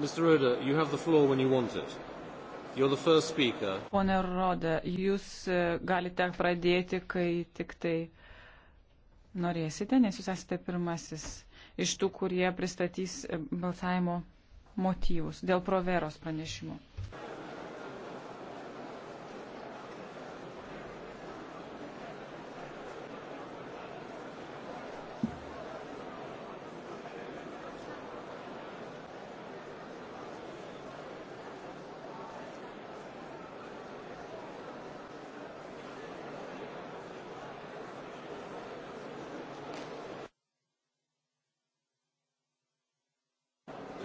Mr. Rode, you have the floor when you want it. You're the first speaker. Pone Rode, jūs e, galite pradėti, kai tik tai norėsite, nes jūs esate pirmasis iš tų, kurie pristatys e, balsavimo motyvus dėl proveros pranešimo.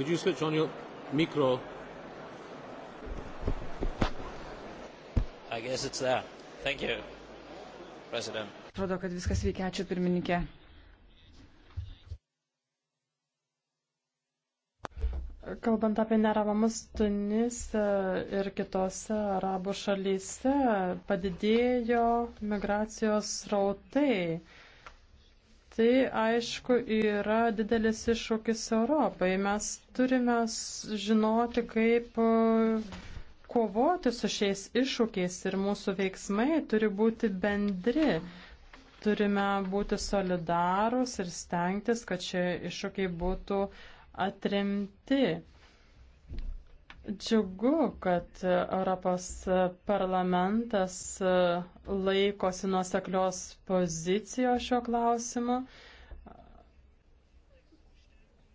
Could you switch on your micro? I guess it's there. Thank you, President. Atrodo, kad viskas veikia. Ačiū pirmininkė. Kalbant apie neravamus Tunis e, ir kitose arabų šalyse, padidėjo migracijos rautai. Tai aišku yra didelis iššūkis Europai. Mes turime žinoti, kaip e, kovoti su šiais iššūkiais ir mūsų veiksmai turi būti bendri. Turime būti solidarūs ir stengtis, kad šie iššūkiai būtų atremti. Džiugu, kad e, Europos parlamentas e, laikosi nuoseklios pozicijos šio klausimu.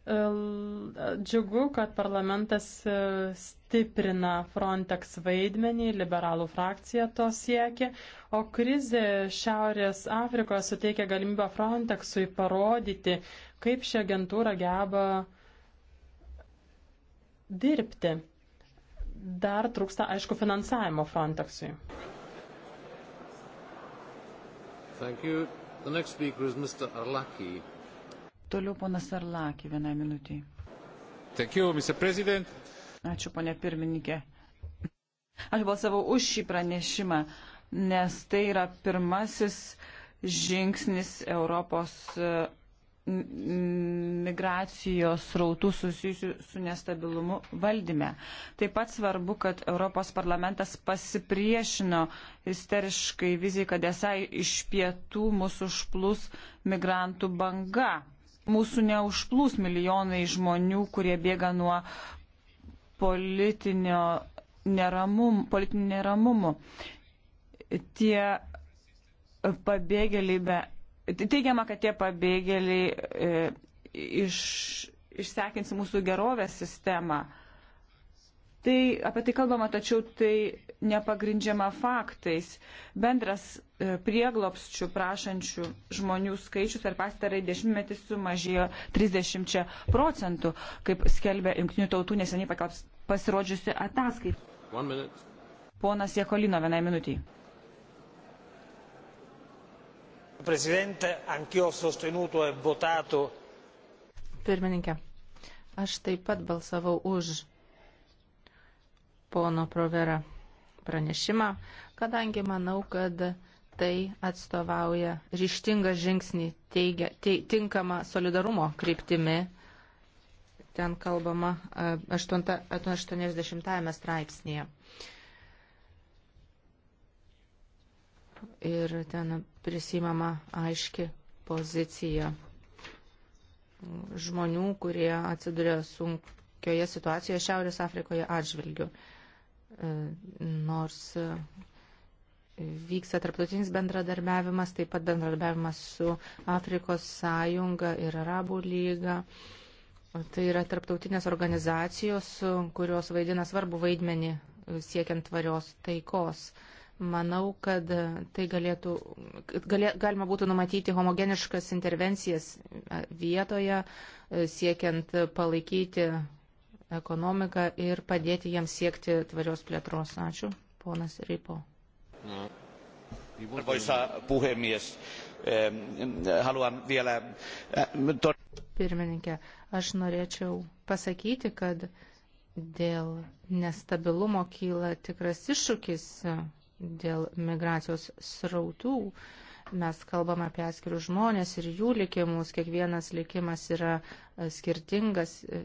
E, džiugu, kad parlamentas stiprina Frontex vaidmenį, liberalų frakcija to siekia, o krizė Šiaurės Afrikoje suteikia galimybę Frontexui parodyti, kaip ši agentūra geba dirbti dar trūksta, aišku, finansavimo Frontexui. Toliau ponas Arlaki, vienai minutiai. Ačiū, ponė pirmininkė. Aš balsavau už šį pranešimą, nes tai yra pirmasis žingsnis Europos migracijos rautų susijusių su nestabilumu valdyme. Taip pat svarbu, kad Europos parlamentas pasipriešino isteriškai vizijai, kad esai iš pietų mūsų užplūs migrantų banga. Mūsų neužplūs milijonai žmonių, kurie bėga nuo politinio neramum, politinių neramumų. Tie pabėgėliai be Teigiama, kad tie pabėgėliai e, iš, išsekins mūsų gerovės sistemą. Tai apie tai kalbama, tačiau tai nepagrindžiama faktais. Bendras e, prieglopščių prašančių žmonių skaičius per pastarąjį dešimtmetį sumažėjo 30 procentų, kaip skelbia Junktinių tautų neseniai pasirodžiusi ataskaita. Ponas Jekolino, vienai minutiai. Presidente, anch'io ho sostenuto e votato. Pirmininkė, aš taip pat balsavau už pono Provera pranešimą, kadangi manau, kad tai atstovauja ryštingą žingsnį teigia, te, tinkamą solidarumo kryptimi. Ten kalbama 8, 80 straipsnėje. ir ten prisimama aiški pozicija žmonių, kurie atsiduria sunkioje situacijoje Šiaurės Afrikoje atžvilgiu. E, nors e, vyksta tarptautinis bendradarbiavimas, taip pat bendradarbiavimas su Afrikos sąjunga ir Arabų lyga. Tai yra tarptautinės organizacijos, kurios vaidina svarbu vaidmenį siekiant tvarios taikos. Uh, Manau, kad tai galėtų, galė, galima būtų numatyti homogeniškas intervencijas e, vietoje, e, siekiant palaikyti ekonomiką ir padėti jiems siekti tvarios plėtros. Ačiū, ponas Ripo. Arvoisa puhemies, e, haluan vielä... Pirmininkė, aš norėčiau pasakyti, kad dėl nestabilumo kyla tikras iššūkis dėl migracijos srautų. Mes kalbam apie atskirius žmonės ir jų likimus. Kiekvienas likimas yra e, skirtingas, e,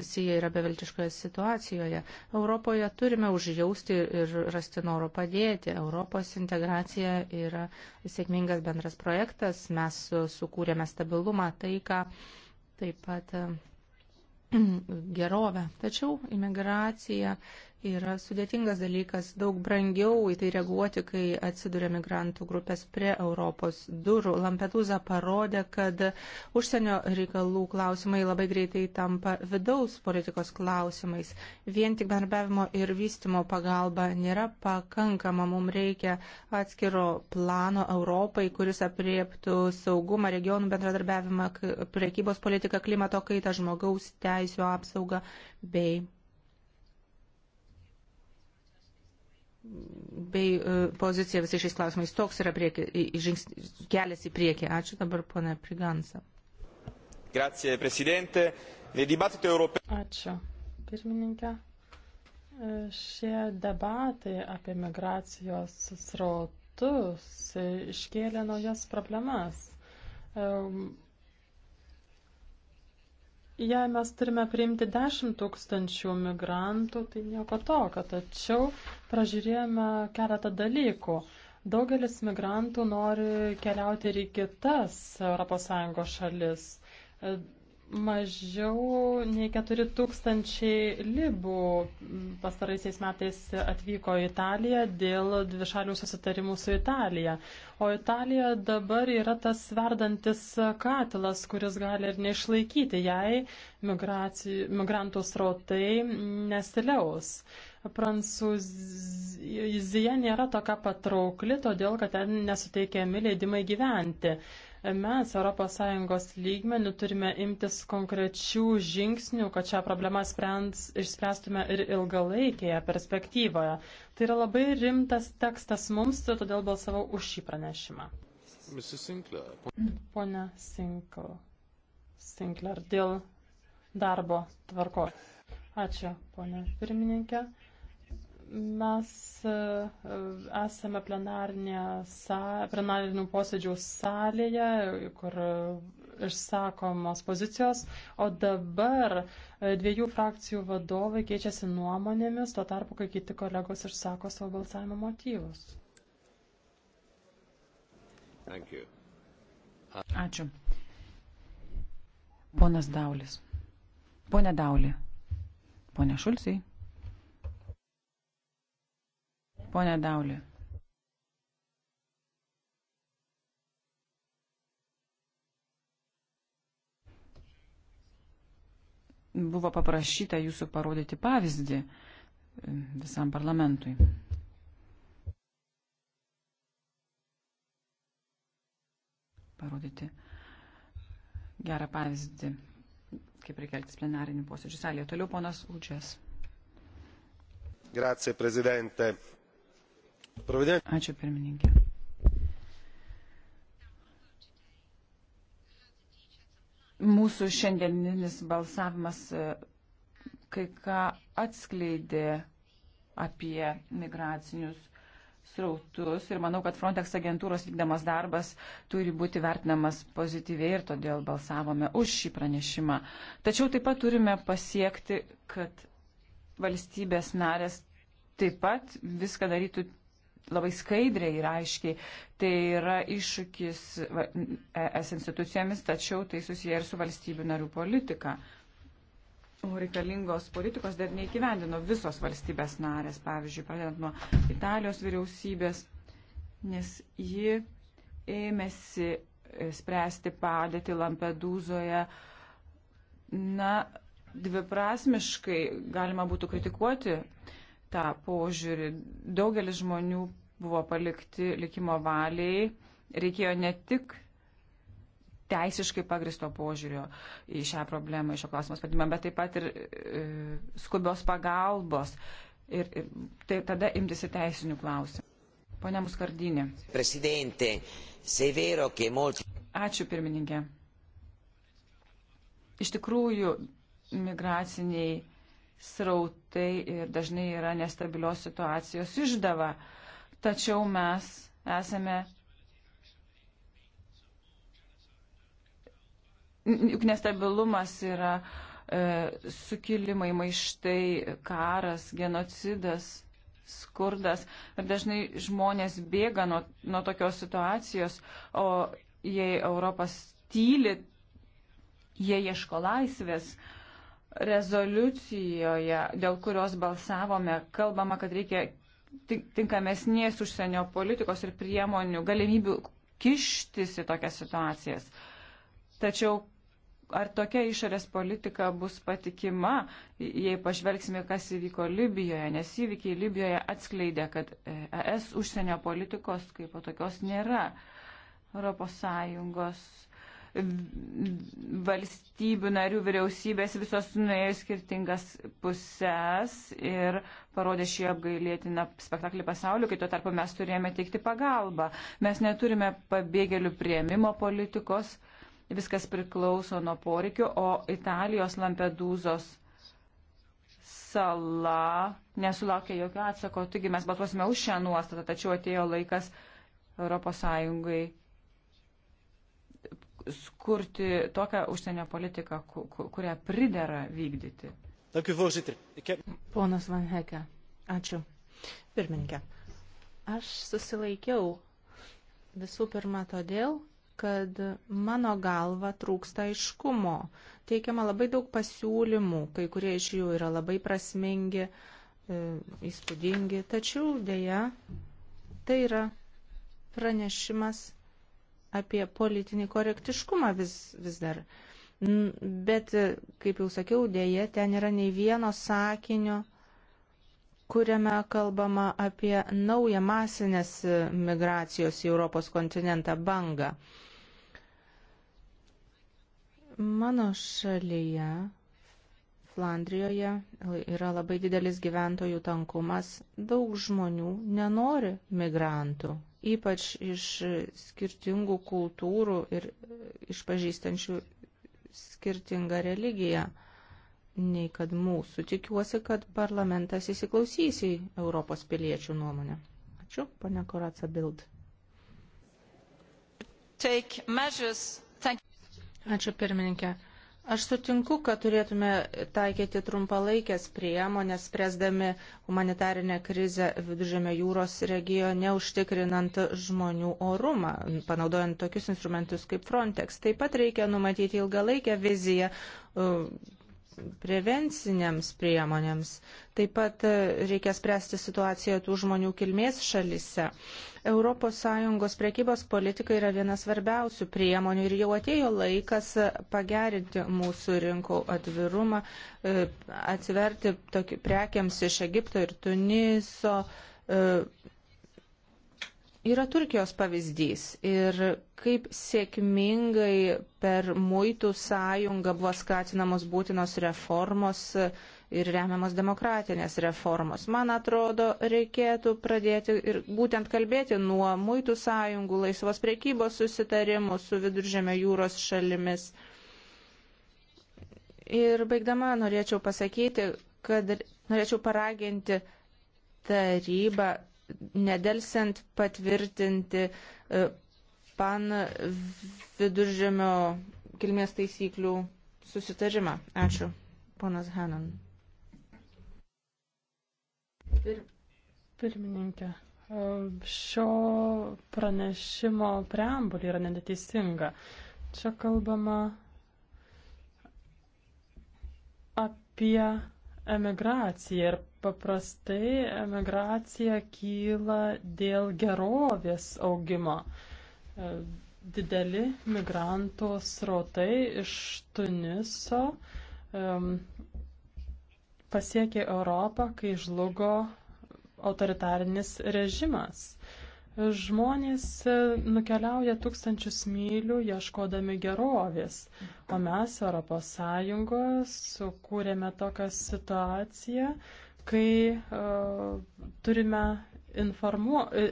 visi jie yra beviltiškoje situacijoje. Europoje turime užjausti ir rasti noro padėti. Europos integracija yra sėkmingas bendras projektas. Mes sukūrėme stabilumą, taiką, taip pat e, gerovę. Tačiau imigracija yra sudėtingas dalykas, daug brangiau į tai reaguoti, kai atsiduria migrantų grupės prie Europos durų. Lampedusa parodė, kad užsienio reikalų klausimai labai greitai tampa vidaus politikos klausimais. Vien tik bendrabiavimo ir vystimo pagalba nėra pakankama. Mums reikia atskiro plano Europai, kuris apriektų saugumą, regionų bendradarbiavimą, priekybos politiką, klimato kaitą, žmogaus teisų apsaugą bei bei e, pozicija visais šiais klausimais. Toks yra prieki, žings, kelias į priekį. Ačiū dabar, ponė Prigansa. Grazie, prezidente. Ačiū, pirmininkė. E, šie debatai apie migracijos srautus iškėlė naujas problemas. E, Jei mes turime priimti 10 tūkstančių migrantų, tai nieko tokio, tačiau pražiūrėjome keletą dalykų. Daugelis migrantų nori keliauti ir į kitas ES šalis mažiau nei 4 tūkstančiai libų pastaraisiais metais atvyko į Italiją dėl dvišalių susitarimų su Italija. O Italija dabar yra tas verdantis katilas, kuris gali ir neišlaikyti, jei migrantų srautai nesiliaus. Prancūzija nėra tokia patraukli, todėl kad ten nesuteikiami leidimai gyventi. Mes ES lygmenių turime imtis konkrečių žingsnių, kad šią problemą sprends, išspręstume ir ilgalaikėje perspektyvoje. Tai yra labai rimtas tekstas mums, todėl balsavau už šį pranešimą. Pone Sinkl. Sinkler, dėl darbo tvarkos. Ačiū, ponė pirmininkė. Mes e, e, esame plenarinių posėdžių salėje, kur e, išsakomos pozicijos, o dabar dviejų frakcijų vadovai keičiasi nuomonėmis, tuo tarpu, kai kiti kolegos išsako savo balsavimo motyvus. Ačiū. Ponas Daulis. Pone Daulį. Pone Šulcijai. Pone Daulė. Buvo paprašyta jūsų parodyti pavyzdį visam parlamentui. Parodyti gerą pavyzdį, kaip reikia elgtis plenarinių posėdžių salėje. Toliau ponas Učias. Grazie, prezidente. Ačiū pirmininkė. Mūsų šiandieninis balsavimas e, kai ką atskleidė apie migracinius srautus ir manau, kad Frontex agentūros vykdamas darbas turi būti vertinamas pozityviai ir todėl balsavome už šį pranešimą. Tačiau taip pat turime pasiekti, kad valstybės narės taip pat viską darytų labai skaidriai ir aiškiai. Tai yra iššūkis es institucijomis, tačiau tai susiję ir su valstybių narių politika. O reikalingos politikos dar neįgyvendino visos valstybės narės, pavyzdžiui, pradedant nuo Italijos vyriausybės, nes ji ėmėsi e, spręsti padėtį Lampedūzoje. Na, dviprasmiškai galima būtų kritikuoti uh, tą požiūrį. Daugelis žmonių buvo palikti likimo valiai. Reikėjo ne tik teisiškai pagristo požiūrio į šią problemą, į šio klausimo sprendimą, bet taip pat ir e, skubios pagalbos. Ir, ir tai tada imtisi teisinių klausimų. Pone Muskardinė. Presidente, severo, che molti. Ačiū pirmininkė. Iš tikrųjų, migraciniai srautai ir dažnai yra nestabilios situacijos išdava. Tačiau mes esame. Juk nestabilumas yra e, sukilimai, maištai, karas, genocidas, skurdas. Ir dažnai žmonės bėga nuo, nuo tokios situacijos, o jei Europas tyli, jie ieško laisvės. E, rezoliucijoje, dėl kurios balsavome, kalbama, kad reikia tinkamesnės užsienio politikos ir priemonių, galimybių kištis į tokias situacijas. Tačiau ar tokia išorės politika bus patikima, jei pažvelgsime, kas įvyko Libijoje, nes įvykiai Libijoje atskleidė, kad ES e užsienio politikos kaip tokios nėra. ES valstybių narių vyriausybės visos nuėjo skirtingas puses ir parodė šį apgailėtiną spektaklį pasauliu, kai tuo tarpu mes turėjome teikti pagalbą. Mes neturime pabėgėlių prieimimo politikos, viskas priklauso nuo poreikių, o Italijos Lampedūzos sala nesulaukė jokio atsako, taigi mes balsuosime už šią nuostatą, tačiau atėjo laikas ES skurti tokią užsienio politiką, kurią pridera vykdyti. Ponas Van Heke, ačiū. Pirmininkė, aš susilaikiau visų pirma todėl, kad mano galva trūksta aiškumo. Teikiama labai daug pasiūlymų, kai kurie iš jų yra labai prasmingi, e, įspūdingi, tačiau dėja tai yra pranešimas apie politinį korektiškumą vis, vis dar. Bet, kaip jau sakiau, dėje ten yra nei vieno sakinio, kuriame kalbama apie naują masinės migracijos į Europos kontinentą bangą. Mano šalyje, Flandrijoje, yra labai didelis gyventojų tankumas, daug žmonių nenori migrantų ypač iš skirtingų kultūrų ir išpažįstančių skirtingą religiją nei kad mūsų. Tikiuosi, kad parlamentas įsiklausys į Europos piliečių nuomonę. Ačiū, pane Koratsa Bild. Ačiū pirmininkė. Aš sutinku, kad turėtume taikyti trumpalaikės priemonės, spręsdami humanitarinę krizę Viduržėmio jūros regione, užtikrinant žmonių orumą, panaudojant tokius instrumentus kaip Frontex. Taip pat reikia numatyti ilgalaikę viziją uh, prevencinėms priemonėms. Taip pat e, reikia spręsti situaciją tų žmonių kilmės šalise. ES prekybos politika yra viena svarbiausių priemonių ir jau atėjo laikas pagerinti mūsų rinkų atvirumą, e, atsiverti prekiams iš Egipto ir Tuniso e, yra Turkijos pavyzdys ir kaip sėkmingai per muitų sąjungą buvo skatinamos būtinos reformos ir remiamos demokratinės reformos. Man atrodo, reikėtų pradėti ir būtent kalbėti nuo muitų sąjungų, laisvos priekybos susitarimų su viduržėme jūros šalimis. Ir baigdama norėčiau pasakyti, kad norėčiau paraginti tarybą nedelsiant patvirtinti e, pan viduržėmio kilmės taisyklių susitarimą. Ačiū, ponas Hanan. Ir pirmininkė, e, šio pranešimo preambulė yra neteisinga. Čia kalbama apie emigraciją ir paprastai emigracija kyla dėl gerovės augimo. E, dideli migrantų srautai iš Tuniso um, pasiekė Europą, kai žlugo autoritarinis režimas. Žmonės e, nukeliauja tūkstančius mylių ieškodami gerovės, o mes ES sukūrėme tokią situaciją, kai uh, turime informuo, e,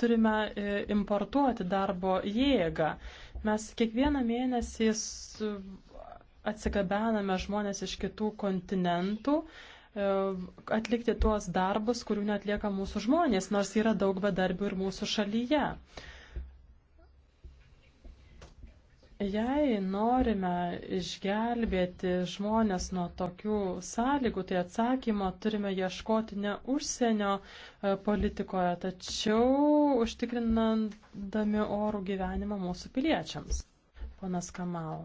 turime e, importuoti darbo jėgą. Mes kiekvieną mėnesį atsigabename žmonės iš kitų kontinentų atlikti tuos darbus, kurių netlieka mūsų žmonės, nors yra daug bedarbių ir mūsų šalyje. Jei norime išgelbėti žmonės nuo tokių sąlygų, tai atsakymo turime ieškoti ne užsienio e, politikoje, tačiau užtikrinandami orų gyvenimą mūsų piliečiams. Ponas Kamal.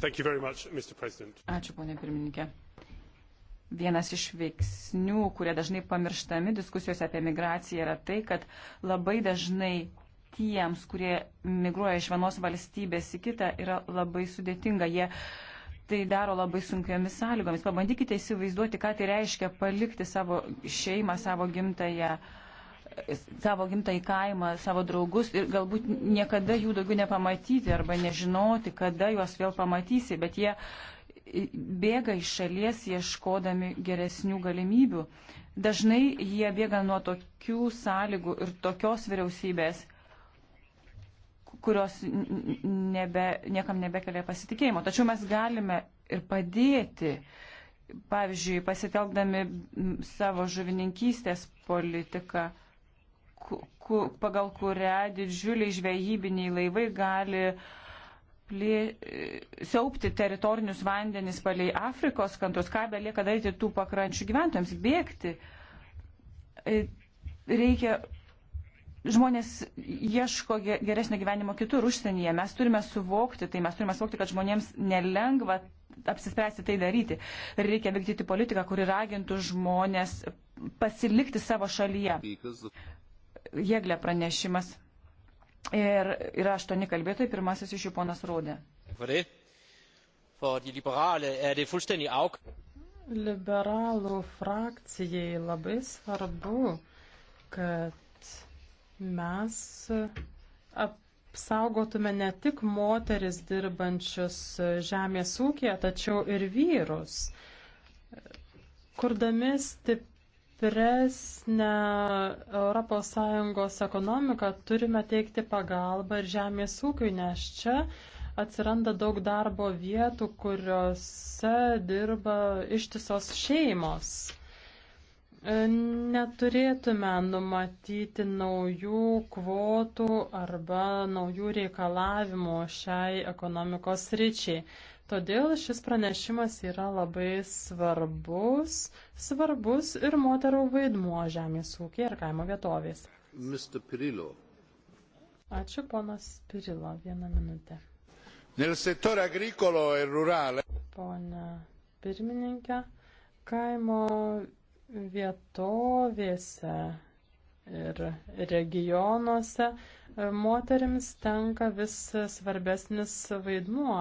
Much, Ačiū, ponė pirmininkė. Vienas iš veiksnių, kurie dažnai pamirštami diskusijose apie migraciją, yra tai, kad labai dažnai tiems, kurie migruoja iš vienos valstybės į kitą, yra labai sudėtinga. Jie tai daro labai sunkiomis sąlygomis. Pabandykite įsivaizduoti, ką tai reiškia palikti savo šeimą, savo gimtąją savo gimtąjį kaimą, savo draugus ir galbūt niekada jų daugiau nepamatyti arba nežinoti, kada juos vėl pamatysi, bet jie bėga iš šalies ieškodami geresnių galimybių. Dažnai jie bėga nuo tokių sąlygų ir tokios vyriausybės, kurios nebe, niekam nebekelia pasitikėjimo. Tačiau mes galime ir padėti, pavyzdžiui, pasitelkdami savo žuvininkystės politiką, ku, ku, pagal kurią didžiuliai žvejybiniai laivai gali plė, e, siaupti teritorinius vandenis palei Afrikos kantus, ką belieka daryti tų pakrančių gyventojams, bėgti. E, reikia žmonės ieško geresnio gyvenimo kitur užsienyje. Mes turime suvokti, tai mes turime suvokti, kad žmonėms nelengva apsispręsti tai daryti. Reikia vykdyti politiką, kuri ragintų žmonės pasilikti savo šalyje. Jėglė pranešimas. Ir yra aštuoni kalbėtojai, pirmasis iš jų ponas Rodė. Er Liberalų frakcijai labai svarbu, kad mes apsaugotume ne tik moteris dirbančius žemės ūkėje, tačiau ir vyrus. Kurdami stipresnę ES ekonomiką turime teikti pagalbą ir žemės ūkiui, nes čia atsiranda daug darbo vietų, kuriuose dirba ištisos šeimos. E, neturėtume numatyti naujų kvotų arba naujų reikalavimų šiai ekonomikos ryčiai. Todėl šis pranešimas yra labai svarbus, svarbus ir moterų vaidmuo žemės ūkiai ir kaimo vietovės. Ačiū, ponas Pirilo, vieną minutę. Nel settore agricolo e rurale. Pone pirmininkė, kaimo vietovėse ir regionuose e, moterims tenka vis svarbesnis vaidmuo.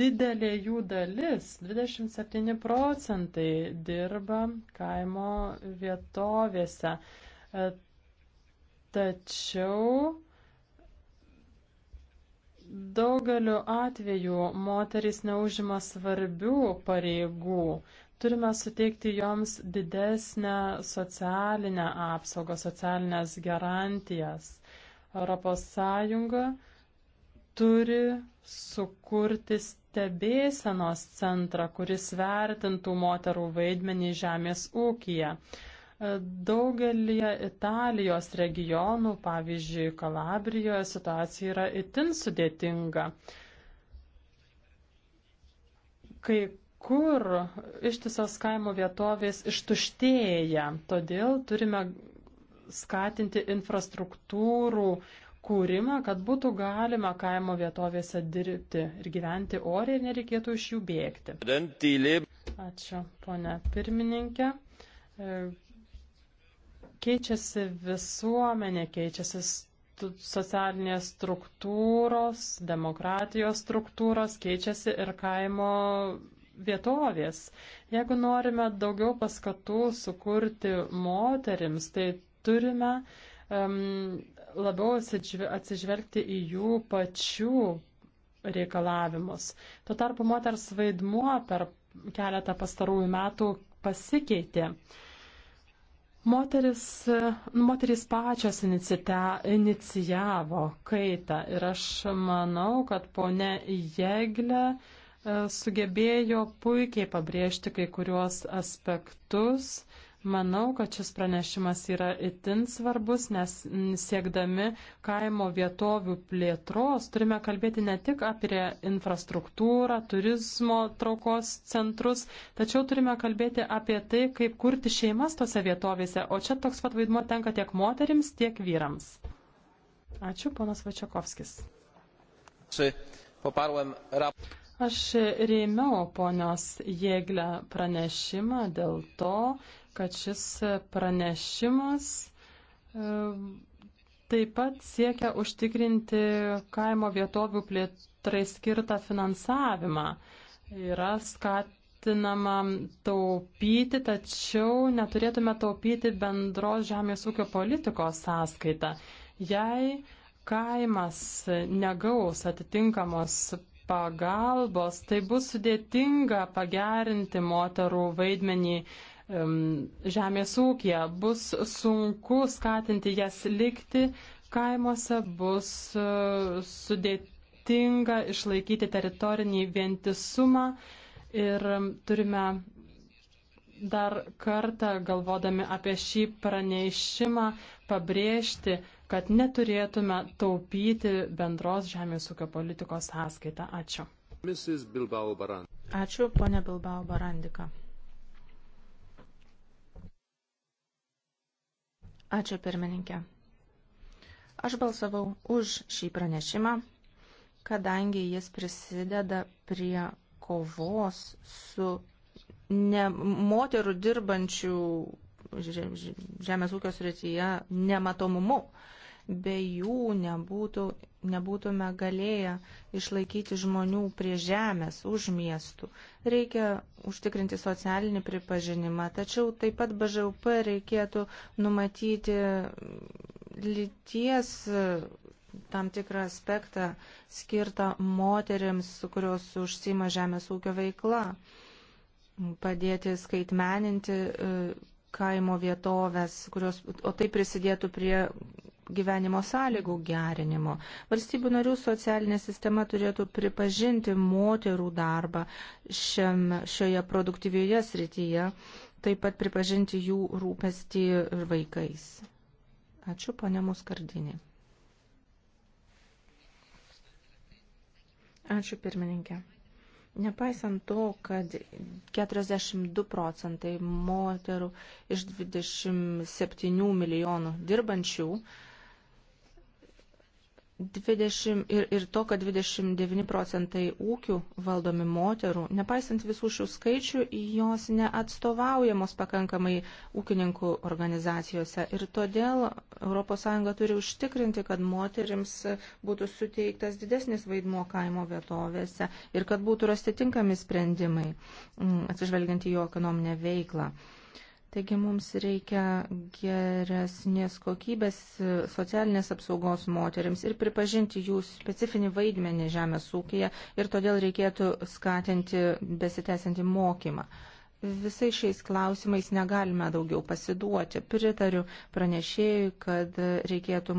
Didelė jų dalis, 27 procentai, dirba kaimo vietovėse. E, tačiau daugeliu atveju moterys neužima svarbių pareigų. Turime suteikti joms didesnę socialinę apsaugą, socialinės garantijas. Europos Sąjunga turi sukurti stebėsenos centrą, kuris vertintų moterų vaidmenį žemės ūkija. Daugelį Italijos regionų, pavyzdžiui, Kalabrijoje situacija yra itin sudėtinga. Kai kur ištisos kaimo vietovės ištuštėja. Todėl turime skatinti infrastruktūrų kūrimą, kad būtų galima kaimo vietovėse dirbti ir gyventi oriai ir nereikėtų iš jų bėgti. Ačiū, ponia pirmininkė. E, keičiasi visuomenė, keičiasi socialinės struktūros, demokratijos struktūros, keičiasi ir kaimo vietovės. Jeigu norime daugiau paskatų sukurti moterims, tai turime um, labiau atsižvelgti į jų pačių reikalavimus. Tuo tarpu moters vaidmuo per keletą pastarųjų metų pasikeitė. Moteris, nu, moteris pačios inicita, inicijavo kaitą ir aš manau, kad ponė Jėglė uh, E, sugebėjo puikiai pabrėžti kai kuriuos aspektus. Manau, kad šis pranešimas yra itin svarbus, nes siekdami kaimo vietovių plėtros turime kalbėti ne tik apie infrastruktūrą, turizmo traukos centrus, tačiau turime kalbėti apie tai, kaip kurti šeimas tose vietovėse, o čia toks pat vaidmuo tenka tiek moterims, tiek vyrams. Ačiū, ponas Vačiakovskis. Poparłem raport Aš rėmiau ponios Jėglę pranešimą dėl to, kad šis pranešimas e, taip pat siekia užtikrinti kaimo vietovių plėtrai skirtą finansavimą. Yra skatinama taupyti, tačiau neturėtume taupyti bendros žemės ūkio politikos sąskaitą. Jei kaimas negaus atitinkamos pagalbos, tai bus sudėtinga pagerinti moterų vaidmenį žemės ūkija, bus sunku skatinti jas likti kaimuose, bus e, sudėtinga išlaikyti teritorinį vientisumą ir turime dar kartą, galvodami apie šį pranešimą, pabrėžti, kad neturėtume taupyti bendros žemės ūkio politikos sąskaitą. Ačiū. Ačiū, ponė Bilbao Barandika. Ačiū, pirmininkė. Aš balsavau už šį pranešimą, kadangi jis prisideda prie kovos su ne moterų dirbančių žemės ūkio srityje nematomumu be jų nebūtų, nebūtume galėję išlaikyti žmonių prie žemės, už miestų. Reikia užtikrinti socialinį pripažinimą, tačiau taip pat BŽUP reikėtų numatyti lyties e, tam tikrą aspektą skirtą moteriams, kurios užsima žemės ūkio veikla, padėti skaitmeninti e, kaimo vietovės, kurios, o tai prisidėtų prie gyvenimo sąlygų gerinimo. Valstybių narių socialinė sistema turėtų pripažinti moterų darbą šiam, šioje produktyvioje srityje, taip pat pripažinti jų rūpestį vaikais. Ačiū, ponė Muskardinė. Ačiū, pirmininkė. Nepaisant to, kad 42 procentai moterų iš 27 milijonų dirbančių 20, ir, ir to, kad 29 procentai ūkių valdomi moterų, nepaisant visų šių skaičių, jos neatstovaujamos pakankamai ūkininkų organizacijose. Ir todėl ES turi užtikrinti, kad moterims būtų suteiktas didesnis vaidmuo kaimo vietovėse ir kad būtų rasti tinkami sprendimai, mm, atsižvelgiant į jo ekonominę veiklą. Taigi mums reikia geresnės kokybės socialinės apsaugos moteriams ir pripažinti jų specifinį vaidmenį žemės ūkija ir todėl reikėtų skatinti besitęsiantį mokymą visais šiais klausimais negalime daugiau pasiduoti. Pritariu pranešėjui, kad reikėtų,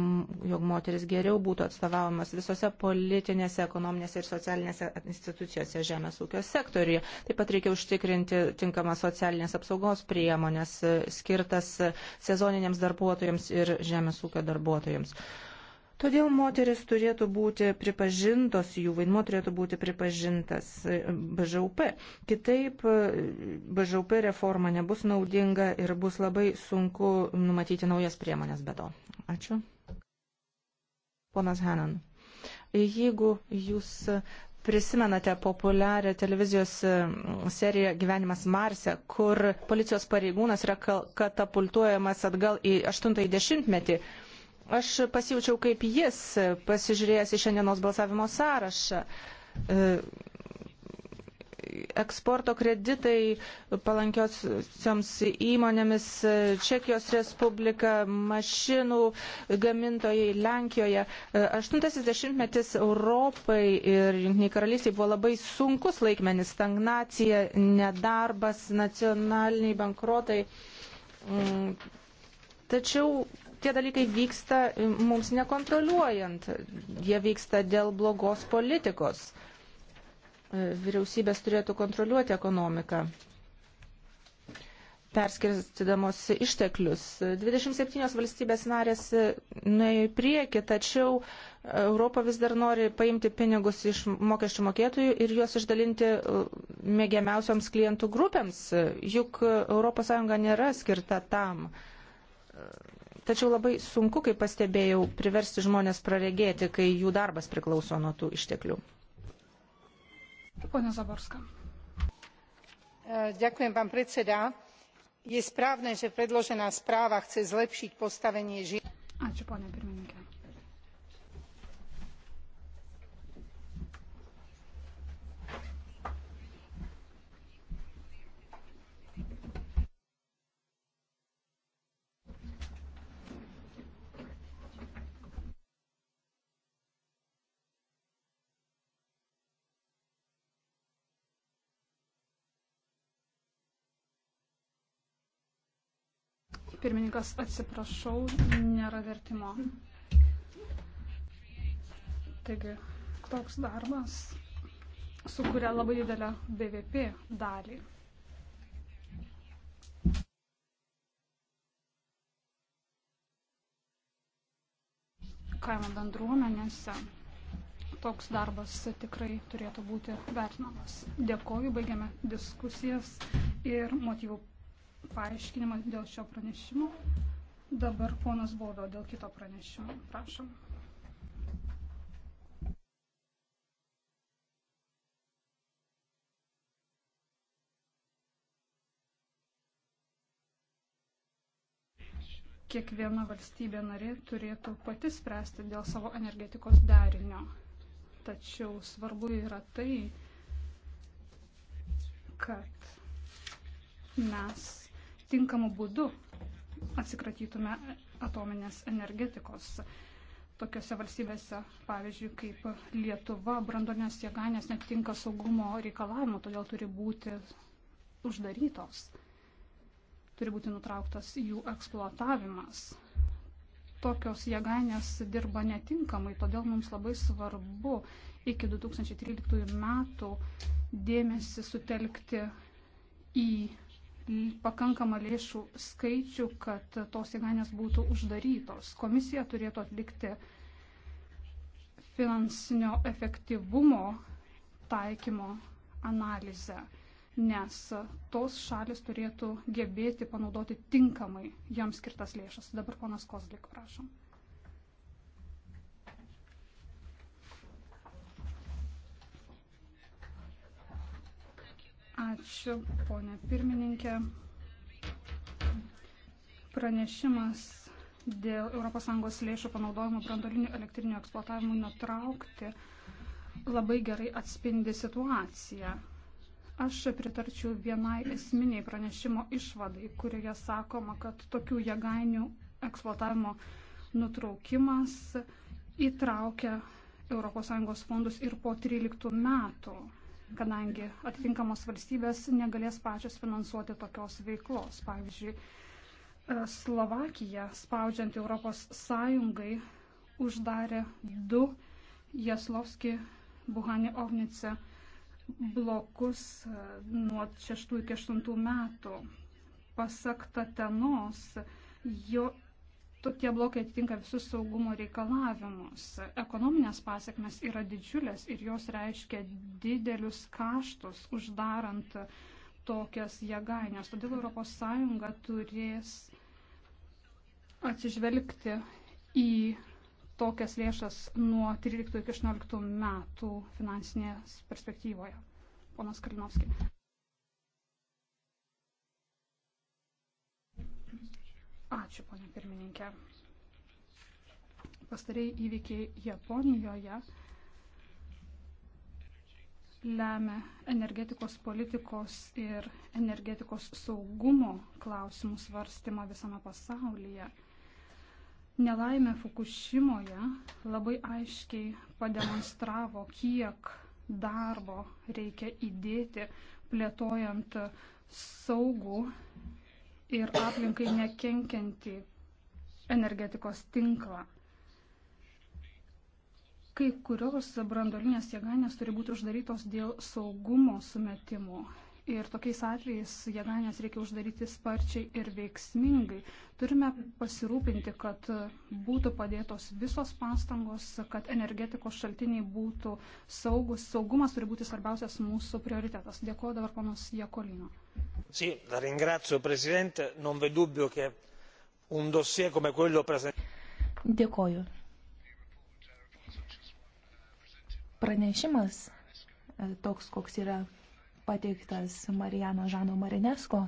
jog moteris geriau būtų atstovavimas visose politinėse, ekonominėse ir socialinėse institucijose žemės ūkio sektoriuje. Taip pat reikia užtikrinti tinkamas socialinės apsaugos priemonės skirtas sezoniniams darbuotojams ir žemės ūkio darbuotojams. Todėl moteris turėtų būti pripažintos, jų vaidmo turėtų būti pripažintas e, BŽUP. Kitaip e, BŽUP reforma nebus naudinga ir bus labai sunku numatyti naujas priemonės be to. Ačiū. Ponas Hanan. Jeigu jūs prisimenate populiarią televizijos e, seriją Gyvenimas Marse, kur policijos pareigūnas yra katapultuojamas atgal į 80-metį, Aš pasijaučiau kaip jis, pasižiūrėjęs į šiandienos balsavimo sąrašą. E, eksporto kreditai palankiosioms įmonėmis Čekijos Respublika, mašinų gamintojai Lenkijoje. 80-metis e, Europai ir Junktiniai karalystiai buvo labai sunkus laikmenis - stagnacija, nedarbas, nacionaliniai bankrotai. Mm. Tačiau tie dalykai vyksta e, mums nekontroliuojant. Jie vyksta dėl blogos politikos. E, vyriausybės turėtų kontroliuoti ekonomiką perskirstydamos išteklius. 27 e, valstybės narės nuėjo į priekį, tačiau Europa vis dar nori paimti pinigus iš mokesčių mokėtojų ir juos išdalinti mėgiamiausioms klientų grupėms, juk ES nėra skirta tam. Tačiau labai sunku, kaip pastebėjau, priversti žmonės praregėti, kai jų darbas priklauso nuo tų išteklių. Pone Zaborska. E, ďakujem, pán predseda. Je správne, že predložená správa chce zlepšiť postavenie žien. Ačiū, pone pirmininkė. Pirmininkas, atsiprašau, nėra vertimo. Taigi, toks darbas sukuria labai didelę BVP dalį. Kaimo bendruomenėse toks darbas tikrai turėtų būti vertinamas. Dėkoju, baigiame diskusijas ir motyvų paaiškinimą dėl šio pranešimo. Dabar ponas Bodo dėl kito pranešimo. Prašom. Kiekviena valstybė narė turėtų pati spręsti dėl savo energetikos darinio. Tačiau svarbu yra tai, kad mes tinkamu būdu atsikratytume atominės energetikos. Tokiose valstybėse, pavyzdžiui, kaip Lietuva, brandolinės jėgainės netinka saugumo reikalavimų, todėl turi būti uždarytos, turi būti nutrauktas jų eksploatavimas. Tokios jėgainės dirba netinkamai, todėl mums labai svarbu iki 2013 metų dėmesį sutelkti į pakankamą lėšų skaičių, kad tos jėgainės būtų uždarytos. Komisija turėtų atlikti finansinio efektyvumo taikymo analizę, nes tos šalis turėtų gebėti panaudoti tinkamai jam skirtas lėšas. Dabar ponas Kozlik, prašom. Ačiū, ponė pirmininkė. Pranešimas dėl ES lėšų panaudojimo brandolinių elektrinių eksploatavimų nutraukti labai gerai atspindi situaciją. Aš pritarčiau vienai esminiai pranešimo išvadai, kurioje sakoma, kad tokių jėgainių eksploatavimo nutraukimas įtraukia ES fondus ir po 13 metų kadangi atitinkamos valstybės negalės pačios finansuoti tokios veiklos. Pavyzdžiui, e, Slovakija, spaudžiant Europos Sąjungai, uždarė du Jaslovski Buhani Ovnice blokus e, nuo 6 iki 8 metų. Pasak Tatenos, jo tie blokai atitinka visus saugumo reikalavimus. Ekonominės pasiekmes yra didžiulės ir jos reiškia didelius kaštus uždarant tokias jėgainės. Todėl ES turės atsižvelgti į tokias lėšas nuo 13 iki 16 metų finansinės perspektyvoje. Ponas Kalinovskis. Ačiū, ponia pirmininkė. Pastariai įvykiai Japonijoje lemia energetikos politikos ir energetikos saugumo klausimų svarstymą visame pasaulyje. Nelaimė Fukushimoje labai aiškiai pademonstravo, kiek darbo reikia įdėti plėtojant saugų ir aplinkai nekenkiantį energetikos tinklą. Kai kurios brandolinės jėgainės turi būti uždarytos dėl saugumo sumetimų. Ir tokiais atvejais jėgainės reikia uždaryti sparčiai ir veiksmingai. Turime pasirūpinti, kad būtų padėtos visos pastangos, kad energetikos šaltiniai būtų saugus. Saugumas turi būti svarbiausias mūsų prioritetas. Dėkuoju dabar panas Jekolino. Sì, la ringrazio, Presidente. Non v'è dubbio che un dossier come quello presentato. Dėkoju. Pranešimas e, toks, koks yra pateiktas Marijano Žano Marinesko,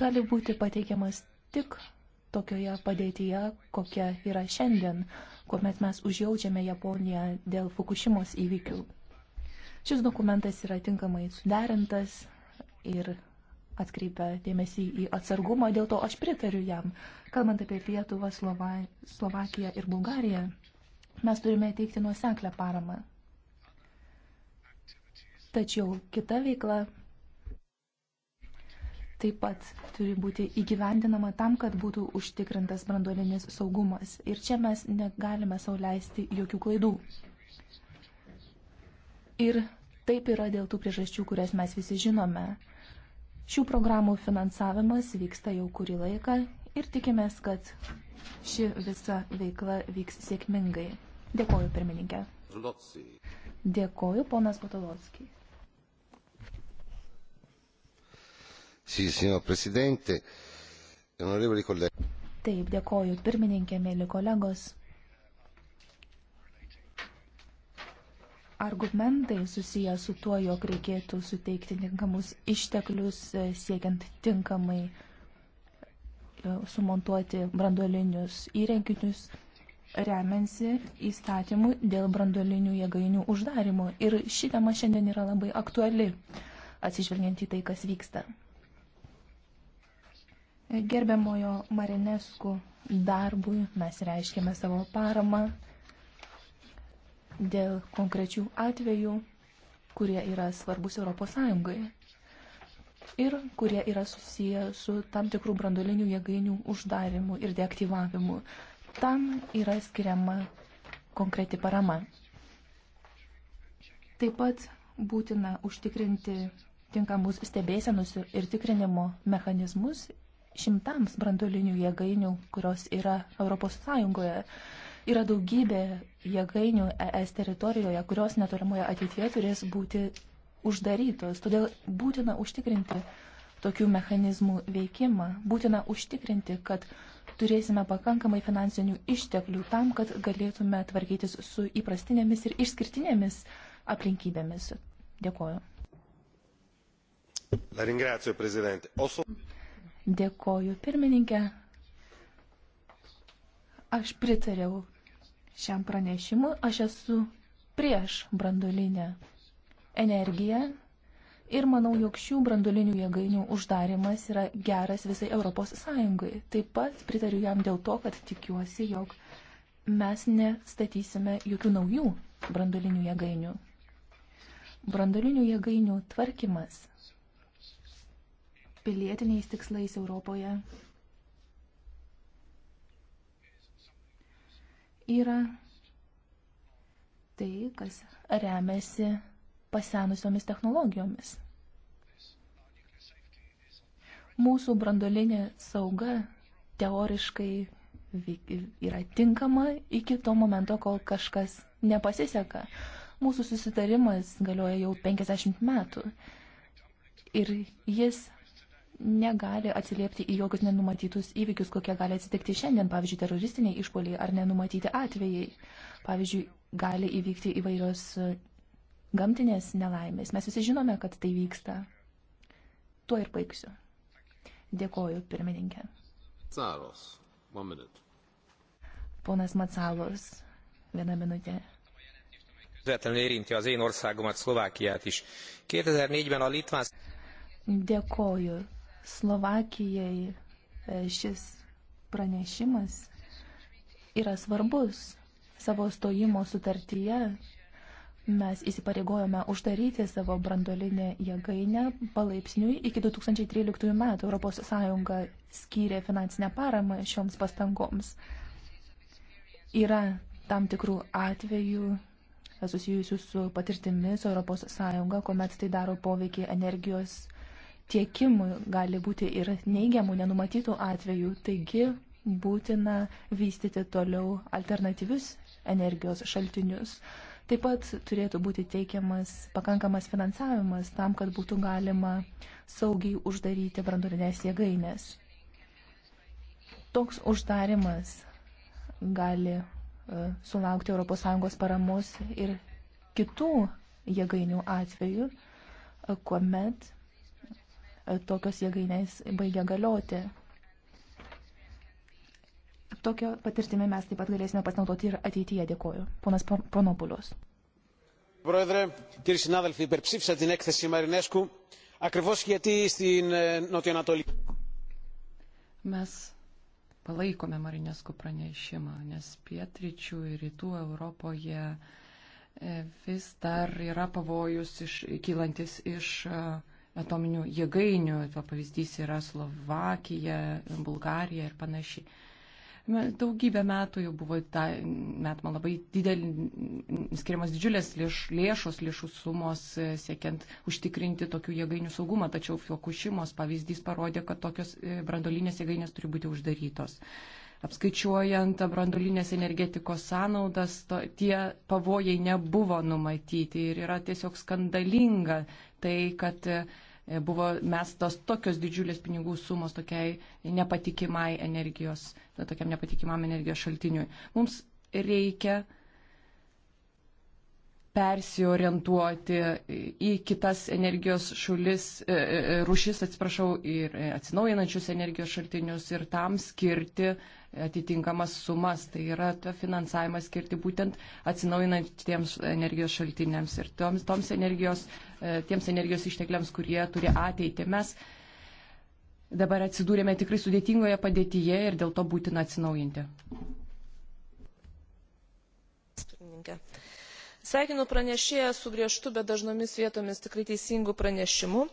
gali būti pateikiamas tik tokioje padėtyje, kokia yra šiandien, kuomet mes užjaučiame Japoniją dėl Fukushimos įvykių. Šis dokumentas yra tinkamai suderintas ir atkreipia dėmesį į atsargumą, dėl to aš pritariu jam. Kalbant apie Lietuvą, Slova, Slovakiją ir Bulgariją, mes turime teikti nuoseklę paramą. Tačiau kita veikla taip pat turi būti įgyvendinama tam, kad būtų užtikrintas branduolinis saugumas. Ir čia mes negalime sauliaisti jokių klaidų. Ir taip yra dėl tų priežasčių, kurias mes visi žinome Šių programų finansavimas vyksta jau kurį laiką ir tikimės, kad ši visa veikla vyks sėkmingai. Dėkoju, pirmininkė. Dėkoju, ponas Potolovskis. Sì, signor Presidente, onorevoli colleghi. Taip, dėkoju pirmininkė, mėly kolegos. argumentai susiję su tuo, jog reikėtų suteikti tinkamus išteklius, e, siekiant tinkamai e, sumontuoti branduolinius įrenginius, remiasi įstatymu dėl branduolinių jėgainių uždarimo. Ir ši tema šiandien yra labai aktuali, atsižvelgiant į tai, kas vyksta. Gerbiamojo Marinesku darbui mes reiškėme savo paramą dėl konkrečių atvejų, kurie yra svarbus ES ir kurie yra susiję su tam tikrų brandolinių jėgainių uždarimu ir deaktyvavimu. Tam yra skiriama konkreti parama. Taip pat būtina užtikrinti tinkamus stebėsenus ir tikrinimo mechanizmus šimtams brandolinių jėgainių, kurios yra ES. Yra daugybė jėgainių ES teritorijoje, kurios netolimoje ateityje turės būti uždarytos. Todėl būtina užtikrinti tokių mechanizmų veikimą, būtina užtikrinti, kad turėsime pakankamai finansinių išteklių tam, kad galėtume tvarkytis su įprastinėmis ir išskirtinėmis aplinkybėmis. Dėkuoju. Dėkoju, pirmininkė. Aš pritariau šiam pranešimui. Aš esu prieš branduolinę energiją ir manau, jog šių branduolinių jėgainių uždarimas yra geras visai Europos Sąjungai. Taip pat pritariu jam dėl to, kad tikiuosi, jog mes nestatysime jokių naujų branduolinių jėgainių. Branduolinių jėgainių tvarkymas pilietiniais tikslais Europoje yra tai, kas remiasi pasenusiomis technologijomis. Mūsų brandolinė sauga teoriškai yra tinkama iki to momento, kol kažkas nepasiseka. Mūsų susitarimas galioja jau 50 metų ir jis negali atsiliepti į jokius nenumatytus įvykius, kokie gali atsitikti šiandien, pavyzdžiui, teroristiniai išpoliai ar nenumatyti atvejai. Pavyzdžiui, gali įvykti įvairios e, gamtinės nelaimės. Mes visi žinome, kad tai vyksta. Tuo ir baigsiu. Dėkoju, pirmininkė. Caros, one minute. Ponas Macalos, viena minutė. Közvetlenül érinti az én országomat, Szlovákiát is. 2004-ben a Litván... Dėkoju, Slovakijai e, šis pranešimas yra svarbus. Savo stojimo sutartyje mes įsipareigojome uždaryti savo brandolinę jėgainę palaipsniui iki 2013 metų. Europos Sąjunga skyrė finansinę paramą šioms pastangoms. Yra tam tikrų atvejų susijusių su patirtimis Europos Sąjunga, kuomet tai daro poveikį energijos tiekimui gali būti ir neigiamų nenumatytų atvejų, taigi būtina vystyti toliau alternatyvius energijos šaltinius. Taip pat turėtų būti teikiamas pakankamas finansavimas tam, kad būtų galima saugiai uždaryti brandurinės jėgainės. Toks uždarimas gali e, sulaukti ES paramos ir kitų jėgainių atveju, e, kuomet tokios jėgainės baigia galioti. Tokio patirtimi mes taip pat galėsime pasinaudoti ir ateityje. Dėkoju. Ponas Pronopulius. Πρόεδρε, κύριοι συνάδελφοι, υπερψήφισα την έκθεση Μαρινέσκου ακριβώς γιατί στην νοτιοανατολική... Mes palaikome Marinesko pranešimą, nes pietryčių ir rytų Europoje e, vis dar yra pavojus iš, kylantis iš uh, atominių jėgainių, to pavyzdys yra Slovakija, Bulgarija ir panašiai. Daugybę metų jau buvo ta, metama labai didelį, skiriamas didžiulės lėš, lėšos, lėšų sumos, e, siekiant užtikrinti tokių jėgainių saugumą, tačiau Fukushimos pavyzdys parodė, kad tokios e, brandolinės jėgainės turi būti uždarytos apskaičiuojant brandulinės energetikos sąnaudas, to, tie pavojai nebuvo numatyti ir yra tiesiog skandalinga tai, kad e, E, buvo mestos tokios didžiulės pinigų sumos tokiai nepatikimai energijos, tokiam nepatikimam energijos šaltiniui. Mums reikia persiorientuoti į kitas energijos šulis, e, e, rušis, atsiprašau, ir atsinaujinančius energijos šaltinius ir tam skirti atitinkamas sumas. Tai yra to finansavimą skirti būtent atsinaujinantiems energijos šaltiniams ir toms, toms energijos, e, tiems energijos ištekliams, kurie turi ateitį. Mes dabar atsidūrėme tikrai sudėtingoje padėtyje ir dėl to būtina atsinaujinti. Pirmininkė sveikinu pranešėją su griežtu bet dažnomis vietomis tikrai teisingu pranešimu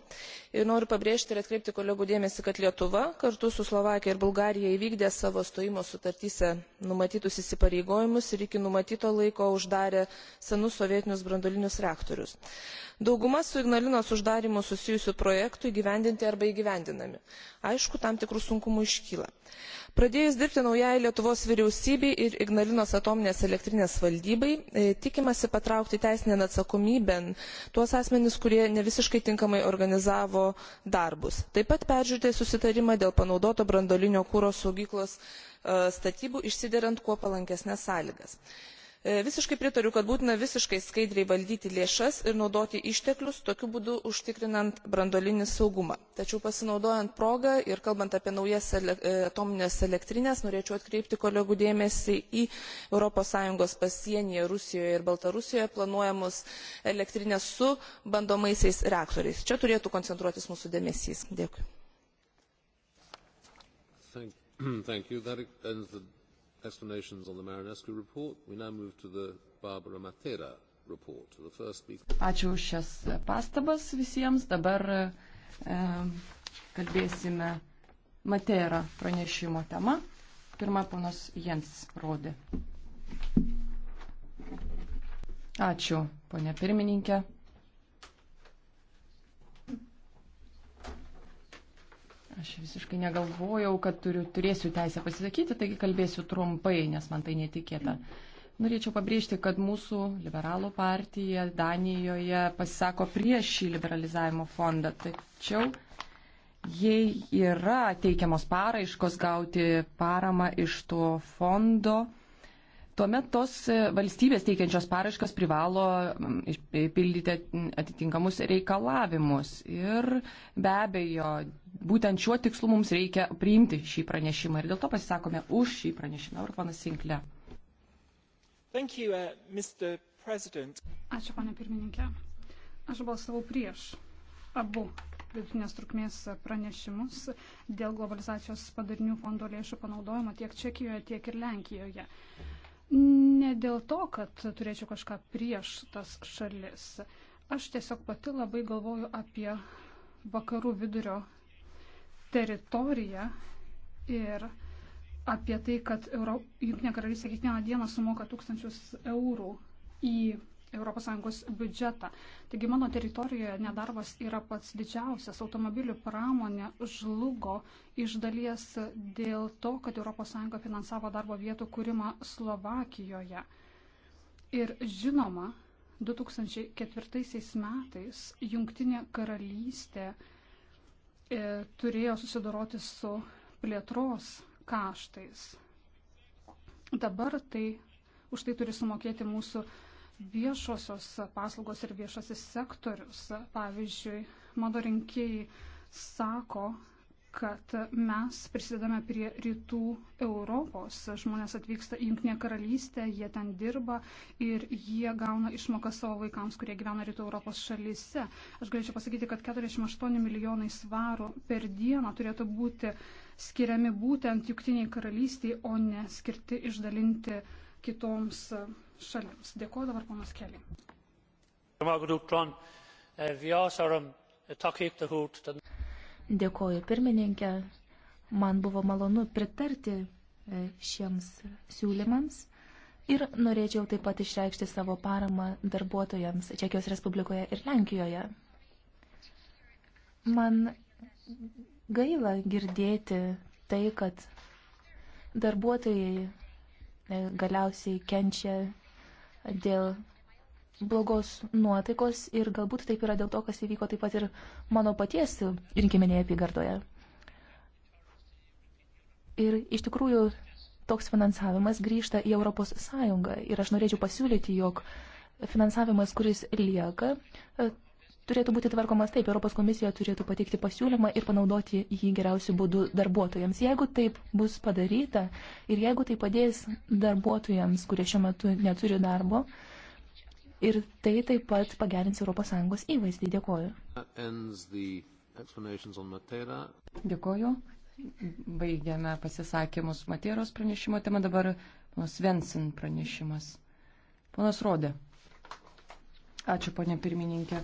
ir noriu pabrėžti ir atkreipti kolegų dėmesį kad lietuva kartu su slovakija ir bulgarija įvykdė savo stojimo sutartyse numatytus įsipareigojimus ir iki numatyto laiko uždarė senus sovietinius branduolinius reaktorius. dauguma su ignalinos uždarymu susijusių projektų įgyvendinti arba įgyvendinami. aišku tam tikrų sunkumų iškyla. pradėjus dirbti naujajai lietuvos vyriausybei ir ignalinos atominės elektrinės valdybai e, tikimasi patraukti teisinėn atsakomybėn tuos asmenis kurie nevisiškai tinkamai organizavo darbus taip pat peržiūrėti susitarimą dėl panaudoto branduolinio kuro saugyklos e, statybų išsiderant kuo palankesnes sąlygas. E, visiškai pritariu kad būtina visiškai skaidriai valdyti lėšas ir naudoti išteklius tokiu būdu užtikrinant branduolinį saugumą tačiau pasinaudojant proga ir kalbant apie naujas e, atomines elektrines norėčiau atkreipti kolegų dėmesį į europos sąjungos pasienyje rusijoje ir baltarusijoje planuojamas elektrines su bandomaisiais reaktoriais čia turėtų koncentruotis mūsų dėmesys. dėkui. Thank, thank you. That ends the explanations on the Marinescu report. We now move to the Barbara Matera report. The first speaker. Ačiū už šias pastabas visiems. Dabar e, kalbėsime Matera pranešimo tema. Pirma, ponas Jens rodė. Ačiū, ponė pirmininkė. Aš visiškai negalvojau, kad turiu, turėsiu teisę pasisakyti, taigi kalbėsiu trumpai, nes man tai netikėta. Norėčiau pabrėžti, kad mūsų liberalų partija Danijoje pasisako prieš šį liberalizavimo fondą, tačiau jei yra teikiamos paraiškos gauti paramą iš to fondo, tuomet tos e, valstybės teikiančios paraškas privalo pildyti atitinkamus reikalavimus. Ir be abejo, būtent šiuo tikslu mums reikia priimti šį pranešimą ir dėl to pasisakome už šį pranešimą. Urbanas Sinklė. You, uh, Ačiū, pane pirmininkė. Aš balsavau prieš abu vidutinės trukmės pranešimus dėl globalizacijos padarinių fondo lėšų panaudojimo tiek Čekijoje, tiek ir Lenkijoje ne dėl to, kad turėčiau kažką prieš tas šalis. Aš tiesiog pati labai galvoju apie vakarų vidurio teritoriją ir apie tai, kad Euro... Junktinė karalystė kiekvieną dieną sumoka tūkstančius eurų į ES biudžetą. Taigi mano teritorijoje nedarbas yra pats didžiausias. Automobilių pramonė žlugo iš dalies dėl to, kad ES finansavo darbo vietų kūrimą Slovakijoje. Ir žinoma, 2004 metais Jungtinė karalystė e, turėjo susidoroti su plėtros kaštais. Dabar tai už tai turi sumokėti mūsų viešosios paslaugos ir viešasis sektorius. Pavyzdžiui, mano rinkėjai sako, kad mes prisidame prie rytų Europos. Žmonės atvyksta į Junktinę karalystę, jie ten dirba ir jie gauna išmoką savo vaikams, kurie gyvena rytų Europos šalyse. Aš galėčiau pasakyti, kad 48 milijonai svarų per dieną turėtų būti skiriami būtent Junktiniai karalystiai, o ne skirti išdalinti uh, kitoms šalims. Dėkuoju dabar ponas Kelly. Dėkuoju pirmininkė. Man buvo malonu pritarti e, šiems siūlymams ir norėčiau taip pat išreikšti savo paramą darbuotojams Čekijos Respublikoje ir Lenkijoje. Man gaila girdėti tai, kad darbuotojai E, galiausiai kenčia dėl blogos nuotaikos ir galbūt taip yra dėl to, kas įvyko taip pat ir mano paties rinkiminėje apygardoje. Ir iš tikrųjų toks finansavimas grįžta į Europos Sąjungą ir aš norėčiau pasiūlyti, jog finansavimas, kuris lieka, turėtų būti tvarkomas taip, Europos komisija turėtų pateikti pasiūlymą ir panaudoti jį geriausių būdų darbuotojams. Jeigu taip bus padaryta ir jeigu tai padės darbuotojams, kurie šiuo metu neturi darbo, ir tai taip pat pagerins ES įvaizdį. Dėkoju. Dėkoju. Baigiame pasisakymus materijos pranešimo tema dabar Svensin pranešimas. Ponas Rodė. Ačiū, ponė pirmininkė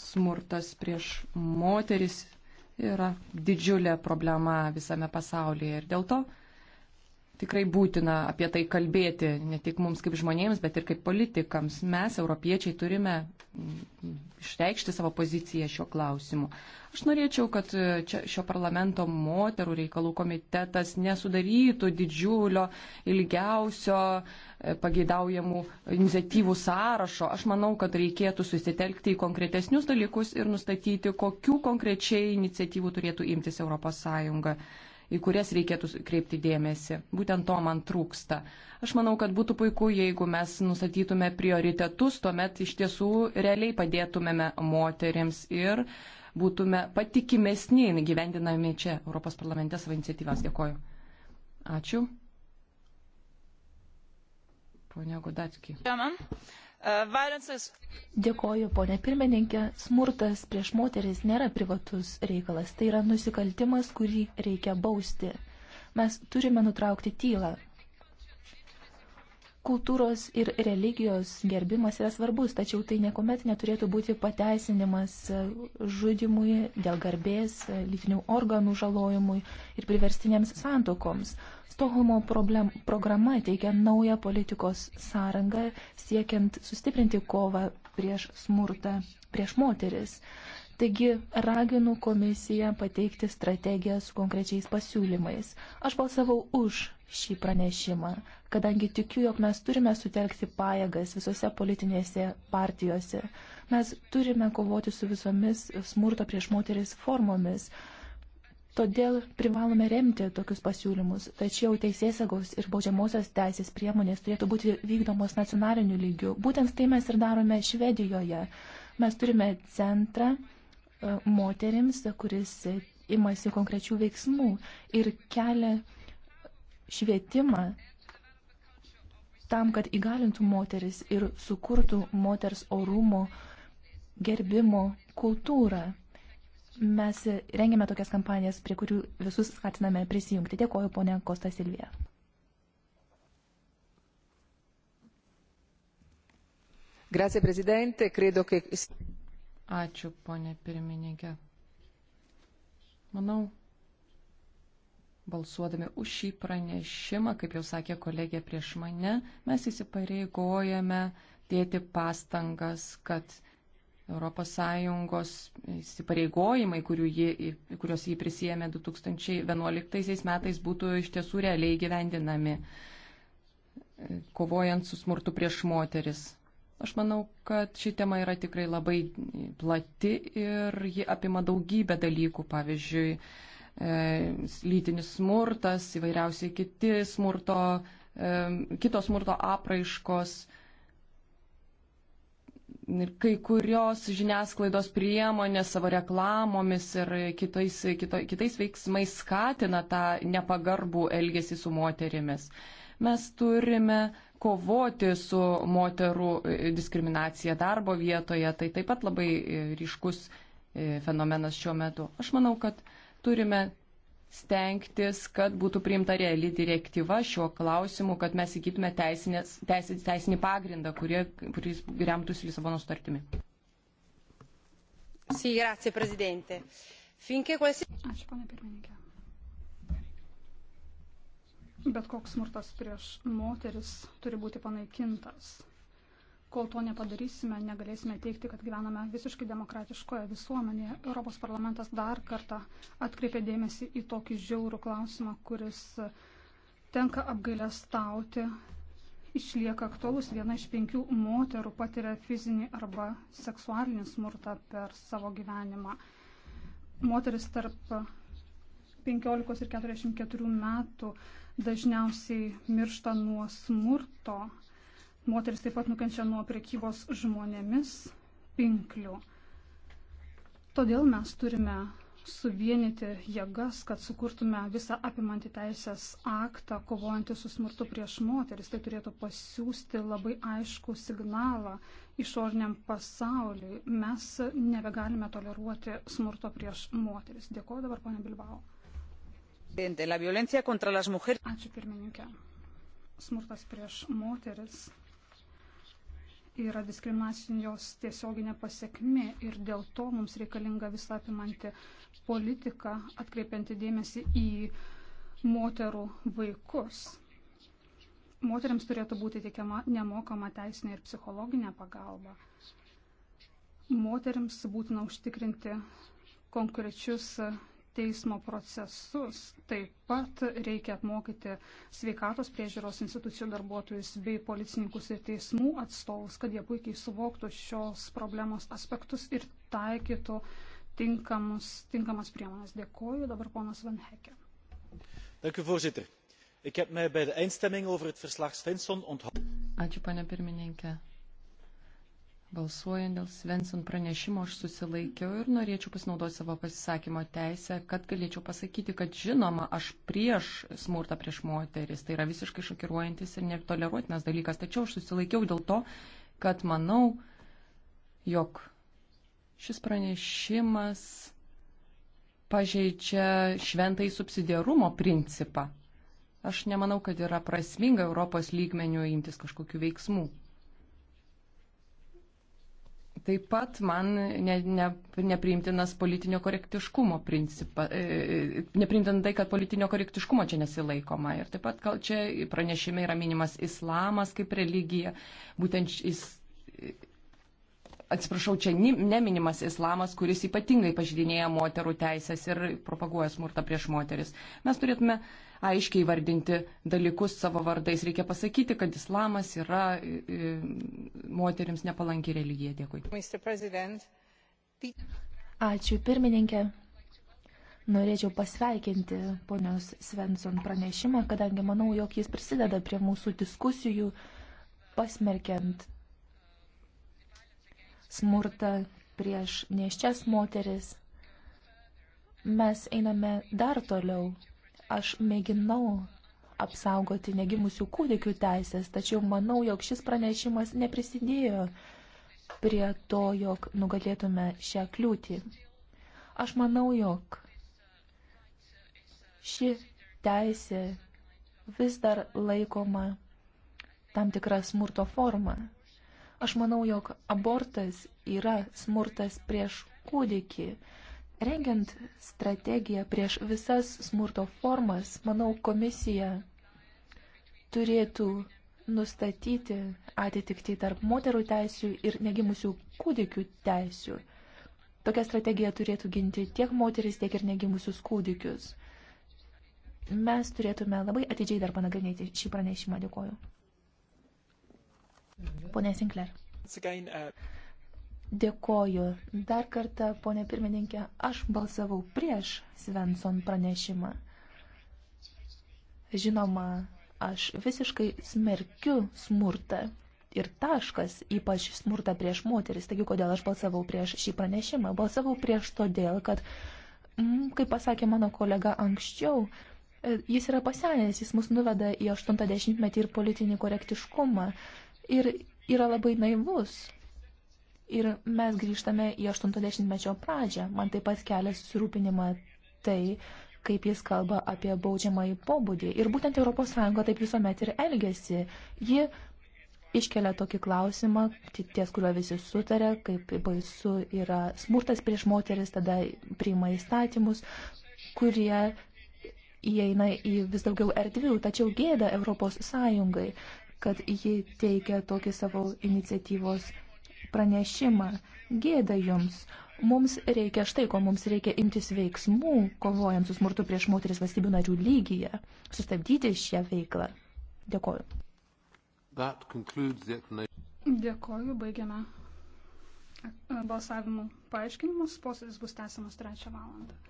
smurtas prieš moteris yra didžiulė problema visame pasaulyje. Ir dėl to tikrai būtina apie tai kalbėti, ne tik mums kaip žmonėms, bet ir kaip politikams. Mes, europiečiai, turime mm, išreikšti savo poziciją šiuo klausimu. Aš norėčiau, kad e, čia, šio parlamento moterų reikalų komitetas nesudarytų didžiulio, ilgiausio e, pageidaujamų iniciatyvų sąrašo. Aš manau, kad reikėtų susitelkti į konkretesnius dalykus ir nustatyti, kokių konkrečiai iniciatyvų turėtų imtis ES į kurias reikėtų kreipti dėmesį. Būtent to man trūksta. Aš manau, kad būtų puiku, jeigu mes nustatytume prioritetus, tuomet iš tiesų realiai padėtumėme moteriams ir būtume patikimesni gyvendinami čia Europos parlamente savo iniciatyvas. Dėkoju. Ačiū. Pone Godatski. Žemėm. Uh, Dėkoju, ponė pirmininkė. Smurtas prieš moteris nėra privatus reikalas. Tai yra nusikaltimas, kurį reikia bausti. Mes turime nutraukti tylą. Kultūros ir religijos gerbimas yra svarbus, tačiau tai niekuomet neturėtų būti pateisinimas žudimui dėl garbės, lytinių organų žalojimui ir priverstinėms santokoms. Stohumo problem, programa teikia naują politikos sąrangą siekiant sustiprinti kovą prieš smurtą prieš moteris. Taigi raginu komisiją pateikti strategiją su konkrečiais pasiūlymais. Aš balsavau už šį pranešimą, kadangi tikiu, jog mes turime sutelkti pajėgas visose politinėse partijose. Mes turime kovoti su visomis smurto prieš moteris formomis Todėl privalome remti tokius pasiūlymus, tačiau teisėsagos ir baudžiamosios teisės priemonės turėtų būti vykdomos nacionaliniu lygiu. Būtent tai mes ir darome Švedijoje. Mes turime centrą e, moterims, kuris imasi konkrečių veiksmų ir kelia švietimą tam, kad įgalintų moteris ir sukurtų moters orumo gerbimo kultūrą. Mes rengiame tokias kampanijas, prie kurių visus skatiname prisijungti. Dėkoju, ponė Kosta Silvija. Grazie, prezidente. Credo che... Ačiū, ponė pirmininkė. Manau, balsuodami už šį pranešimą, kaip jau sakė kolegė prieš mane, mes įsipareigojame dėti pastangas, kad ES įsipareigojimai, jį, kuriuos jį prisijėmė 2011 metais, būtų iš tiesų realiai gyvendinami, kovojant su smurtu prieš moteris. Aš manau, kad ši tema yra tikrai labai plati ir ji apima daugybę dalykų, pavyzdžiui, e, lytinis smurtas, įvairiausiai kiti smurto, e, kitos smurto apraiškos kai kurios žiniasklaidos priemonės savo reklamomis ir kitais, kito, kitais veiksmais skatina tą nepagarbų elgesį su moterimis. Mes turime kovoti su moterų e, diskriminacija darbo vietoje, tai taip pat labai e, ryškus e, fenomenas šiuo metu. Aš manau, kad turime stengtis, kad būtų priimta reali direktyva šiuo klausimu, kad mes įgytume teisinį, teisinį pagrindą, kurie, kuris remtųsi Lisabono sutartimi. Sì, grazie Presidente. Finché qualsiasi... Ačiū, pane pirmininkė. Bet koks smurtas prieš moteris turi būti panaikintas. Kol to nepadarysime, negalėsime teikti, kad gyvename visiškai demokratiškoje visuomenėje. Europos parlamentas dar kartą atkreipė dėmesį į tokį žiaurų klausimą, kuris tenka apgailę stauti, išlieka aktualus. Viena iš penkių moterų patiria fizinį arba seksualinį smurtą per savo gyvenimą. Moteris tarp 15 ir 44 metų dažniausiai miršta nuo smurto Moteris taip pat nukenčia nuo prekybos žmonėmis pinklių. Todėl mes turime suvienyti jėgas, kad sukurtume visą apimantį teisės aktą, kovojantį su smurtu prieš moteris. Tai turėtų pasiūsti labai aišku signalą išorniam pasauliui. Mes nebegalime toleruoti smurto prieš moteris. Dėkuoju dabar, ponė Bilbao. Ačiū pirmininkė. Smurtas prieš moteris yra diskriminacijos tiesioginė pasiekmi ir dėl to mums reikalinga visą apimanti politika, atkreipianti dėmesį į moterų vaikus. Moteriams turėtų būti teikiama nemokama teisinė ir psichologinė pagalba. Moteriams būtina užtikrinti konkrečius teismo procesus. Taip pat reikia apmokyti sveikatos priežiūros institucijų darbuotojus bei policininkus ir teismų atstovus, kad jie puikiai suvoktų šios problemos aspektus ir taikytų tinkamus, tinkamas priemonės. Dėkuoju. Dabar ponas Van Hekė. Dėkui, voorzitter. Ik heb mij bij de eindstemming over het verslag Svensson onthouden. Ačiū, pane pirmininkė. Balsuojant dėl Svensson pranešimo aš susilaikiau ir norėčiau pasinaudoti savo pasisakymo teisę, kad galėčiau pasakyti, kad žinoma, aš prieš smurtą prieš moteris. Tai yra visiškai šokiruojantis ir netoleruotinas dalykas. Tačiau aš susilaikiau dėl to, kad manau, jog šis pranešimas pažeidžia šventai subsidiarumo principą. Aš nemanau, kad yra prasminga Europos lygmenių imtis kažkokių veiksmų. Taip pat man ne, ne, nepriimtinas politinio korektiškumo principas, e, nepriimtina tai, kad politinio korektiškumo čia nesilaikoma. Ir taip pat, gal čia pranešime yra minimas islamas kaip religija, būtent jis atsiprašau, čia neminimas islamas, kuris ypatingai pažydinėja moterų teisės ir propaguoja smurtą prieš moteris. Mes turėtume aiškiai vardinti dalykus savo vardais. Reikia pasakyti, kad islamas yra moteriams nepalanki religija. Dėkui. Ačiū, pirmininkė. Norėčiau pasveikinti ponios Svensson pranešimą, kadangi manau, jog jis prisideda prie mūsų diskusijų pasmerkiant smurtą prieš neščias moteris. Mes einame dar toliau. Aš mėginau apsaugoti negimusių kūdikių teisės, tačiau manau, jog šis pranešimas neprisidėjo prie to, jog nugalėtume šią kliūtį. Aš manau, jog ši teisė vis dar laikoma tam tikrą smurto formą. Aš manau, jog abortas yra smurtas prieš kūdikį. Rengiant strategiją prieš visas smurto formas, manau, komisija turėtų nustatyti atitikti tarp moterų teisių ir negimusių kūdikių teisių. Tokia strategija turėtų ginti tiek moteris, tiek ir negimusius kūdikius. Mes turėtume labai atidžiai dar panagrinėti šį pranešimą. Dėkuoju. Pone Sinkler. Dėkoju. Dar kartą, ponė pirmininkė, aš balsavau prieš Svensson pranešimą. Žinoma, aš visiškai smerkiu smurtą ir taškas, ypač smurtą prieš moteris. Taigi, kodėl aš balsavau prieš šį pranešimą? Balsavau prieš todėl, kad, mm, kaip pasakė mano kolega anksčiau, e, jis yra pasenęs, jis mus nuveda į 80-metį ir politinį korektiškumą ir yra labai naivus. Ir mes grįžtame į 80-mečio pradžią. Man taip pat kelia susirūpinimą tai, kaip jis kalba apie baudžiamąjį pobūdį. Ir būtent ES taip visuomet ir elgesi. Ji iškelia tokį klausimą, ties kuriuo visi sutarė, kaip baisu yra smurtas prieš moteris, tada priima įstatymus, kurie įeina į vis daugiau erdvių, tačiau gėda Europos Sąjungai kad ji teikia tokį savo iniciatyvos pranešimą. Gėda jums. Mums reikia štai ko, mums reikia imtis veiksmų, kovojant su smurtu prieš moteris valstybių narių lygyje, sustabdyti šią veiklą. Dėkoju. Dėkoju, baigiame e, balsavimų paaiškinimus, posėdis bus tęsiamas trečią valandą.